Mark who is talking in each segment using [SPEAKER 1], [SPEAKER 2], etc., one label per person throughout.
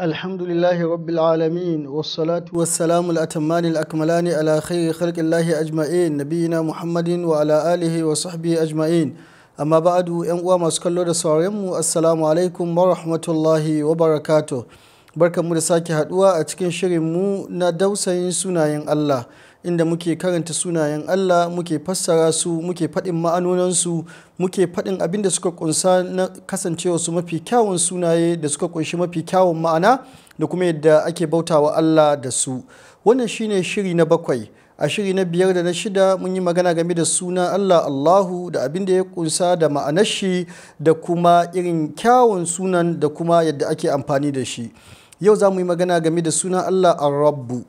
[SPEAKER 1] الحمد لله رب العالمين والصلاة والسلام الأتمان الأكملان على خير خلق الله أجمعين نبينا محمد وعلى آله وصحبه أجمعين أما بعد أن أما سكالو رسولهم السلام عليكم ورحمة الله وبركاته بركة مرساكي هدوى أتكين شرمو ندوسين سنين الله inda muke karanta sunayen Allah muke fassara su muke faɗin ma'anonansu muke faɗin abinda suka kunsa na kasancewa su mafi kyawun sunaye da suka kunshi mafi kyawun ma'ana da kuma yadda ake bautawa Allah da su wannan shine shiri na bakwai a shiri na biyar da na shida mun yi magana game da suna Allah Allahu da abin da ya kunsa da ma'anar shi da kuma irin kyawun sunan da kuma yadda ake amfani da shi yau za mu yi magana game da suna Allah ar-rabbu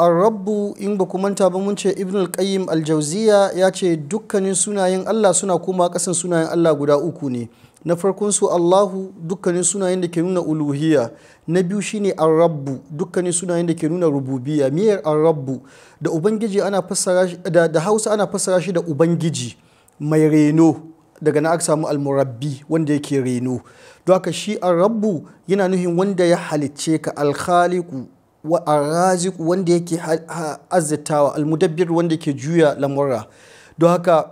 [SPEAKER 1] rabbu in ba manta ba mun ce ibn al-qayyim al-jauziya ya ce dukkanin sunayen Allah suna koma kasan sunayen Allah guda uku ne na farkon su Allahu dukkanin sunayen da ke nuna uluhiya na biyu shine ar-rabbu dukkanin sunayen da ke nuna rububiya miyar ar-rabbu da ubangiji ana fassara da, da Hausa ana fassara shi da ubangiji mai reno daga na aka samu al wanda yake reno don haka shi ar-rabbu yana nuhin wanda ya halicce ka al wa wanda yake azzatawa almudabbir wanda ke juya lamurra don haka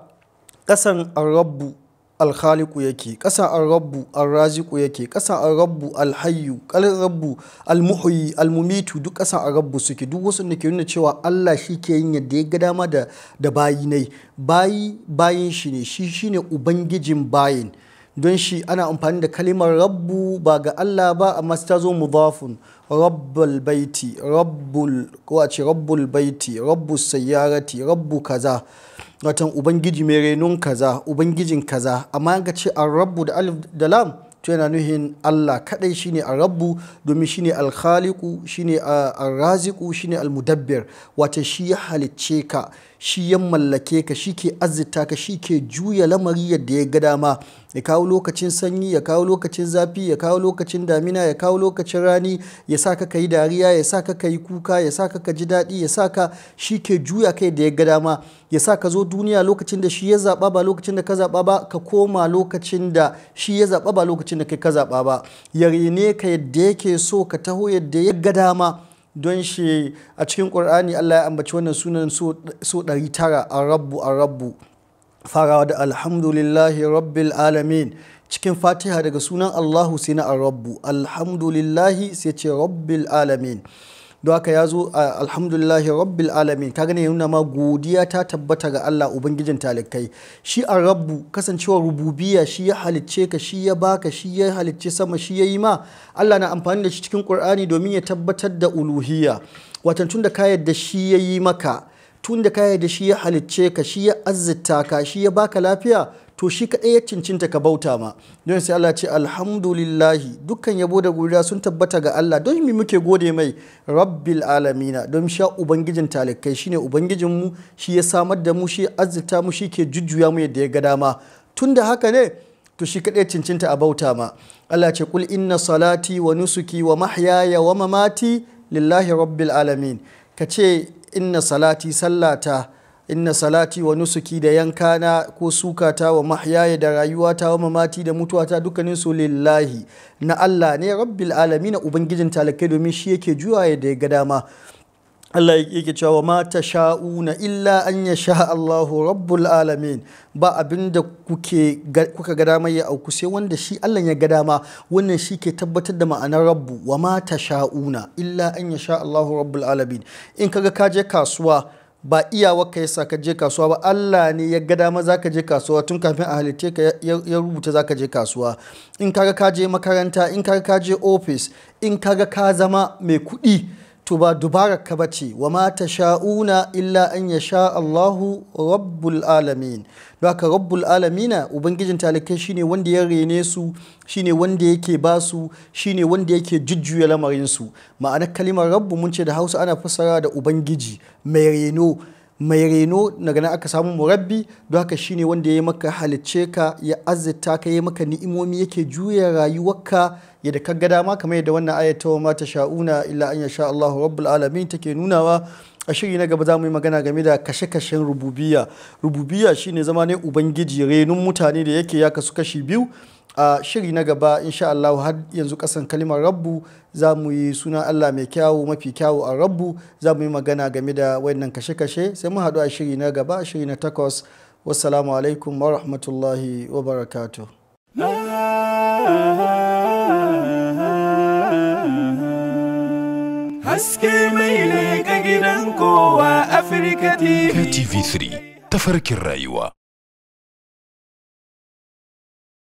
[SPEAKER 1] kasan arrabu alkhaliku yake kasan arrabu arraziku yake kasan arrabu alhayyu alrabu almuhyi almumitu duk kasan arrabu suke duk wasu da ke nuna cewa Allah shi ke yin yadda ya ga dama da bayinai bayi bayi bayin shi ne shi shine ubangijin bayin don shi ana amfani da kalimar rabbu ba ga Allah ba amma ta zo mudafun rabbul baiti rabbul ko rabbul baiti rabbu sayyarati rabbu kaza watan ubangiji mai renon kaza ubangijin kaza amma ga ce an rabbu da alif da lam to yana nuhin Allah kadai shine a rabbu domin shine alkhaliku shine a raziku shine al-mudabbir wata shi ya halicce ka shi ya mallake ka shi ke azzita ka shi ke juya lamari yadda ya ga dama ya kawo lokacin sanyi ya kawo lokacin zafi ya kawo lokacin damina ya kawo lokacin rani ya sa ka yi dariya ya sa ka yi kuka ya sa ka ji daɗi ya sa ka shi ke juya kai da ya ga dama ya sa ka zo duniya lokacin da shi ya zaɓa ba lokacin da ka zaɓa ba ka koma lokacin da shi ya zaɓa ba lokacin lokacin da kai ka zaɓa ba ya ne ka yadda yake so ka taho yadda ya ga dama don shi a cikin ƙur'ani Allah ya ambaci wannan sunan so ɗari tara a rabbu a rabbu farawa da alhamdulillahi rabbil alamin cikin fatiha daga sunan Allahu sai na a rabbu alhamdulillahi sai ce rabbil alamin don haka ya zo alhamdulillahi rabbil alamin ka gane nuna ma godiya ta tabbata ga Allah ubangijin talikai shi a rabbu kasancewar rububiya shi ya halicce ka shi ya baka shi ya halicce sama shi ya yi ma Allah na amfani da shi cikin Qur'ani domin ya tabbatar da uluhiya watan tun da ka yadda shi ya yi maka tun da ka yadda shi ya halicce ka shi ya azzita ka shi ya baka lafiya to shi kaɗai ya cincinta ka bauta ma don sai Allah ce alhamdulillahi dukkan yabo da godiya sun tabbata ga Allah don mi muke gode mai rabbil alamina don sha ubangijin talikai shine ubangijin mu shi ya samar da mu shi azzita mu shi ke jujjuya mu yadda ya ga dama tun da haka ne to shi kaɗai cincinta a bauta ma Allah ce kul inna salati wa nusuki wa mahyaya wa mamati lillahi rabbil alamin ka ce inna salati sallata inna salati wa nusuki da yankana ko sukata wa mahyaya da rayuwata wa mamati da mutuwata dukkanin su lillahi na Allah ne rabbil alamin ubangijin talakai domin shi yake juwaye da ya ga dama Allah yake cewa ma sha'una illa an ya sha Allahu rabbul alamin ba abin da kuka ga dama ya auku sai wanda shi Allah ya ga dama wannan shi ke tabbatar da ma'anar rabbu wa ma sha'una illa an ya sha Allahu rabbul alamin in kaga ka je kasuwa ba iyawa ka yasa ka je kasuwa ba Allah ne ya ga dama za ka je kasuwa tun kafin a halitta ka ya rubuta za ka je kasuwa in kaga ka je makaranta in kaga ka je ofis in kaga ka zama mai kuɗi to ba dubara ka ce wa ma sha'una illa an ya sha Allahu rabbul alamin haka rabbul alamina ubangijin talikai shine wanda ya rene su shine wanda yake ba su shine wanda yake jujjuya lamarin su ma'anar kalimar rabbu mun ce da Hausa ana fassara da ubangiji mai reno mai reno daga nan aka samu murabbi don haka shine wanda ya yi maka halicce ka ya azita ka ya maka ni'imomi yake juya rayuwarka ya da gada ma kamar yadda wannan ayat ta ta sha'una illa an sha Allahu rabbul alamin take nunawa a shiri na gaba za mu yi magana game da kashe-kashen rububiya rububiya shine zama ne ubangiji renon mutane da yake ya kasu kashi biyu a shiri na gaba insha Allah har yanzu kasan kalimar rabbu za mu yi suna Allah mai kyawu mafi kyawu a rabbu za mu yi magana game da wannan kashe-kashe sai mu haɗu a shiri na gaba shiri na takwas wassalamu alaikum wa rahmatullahi wa barakatuh haske mai TV. 3 tafarkin rayuwa.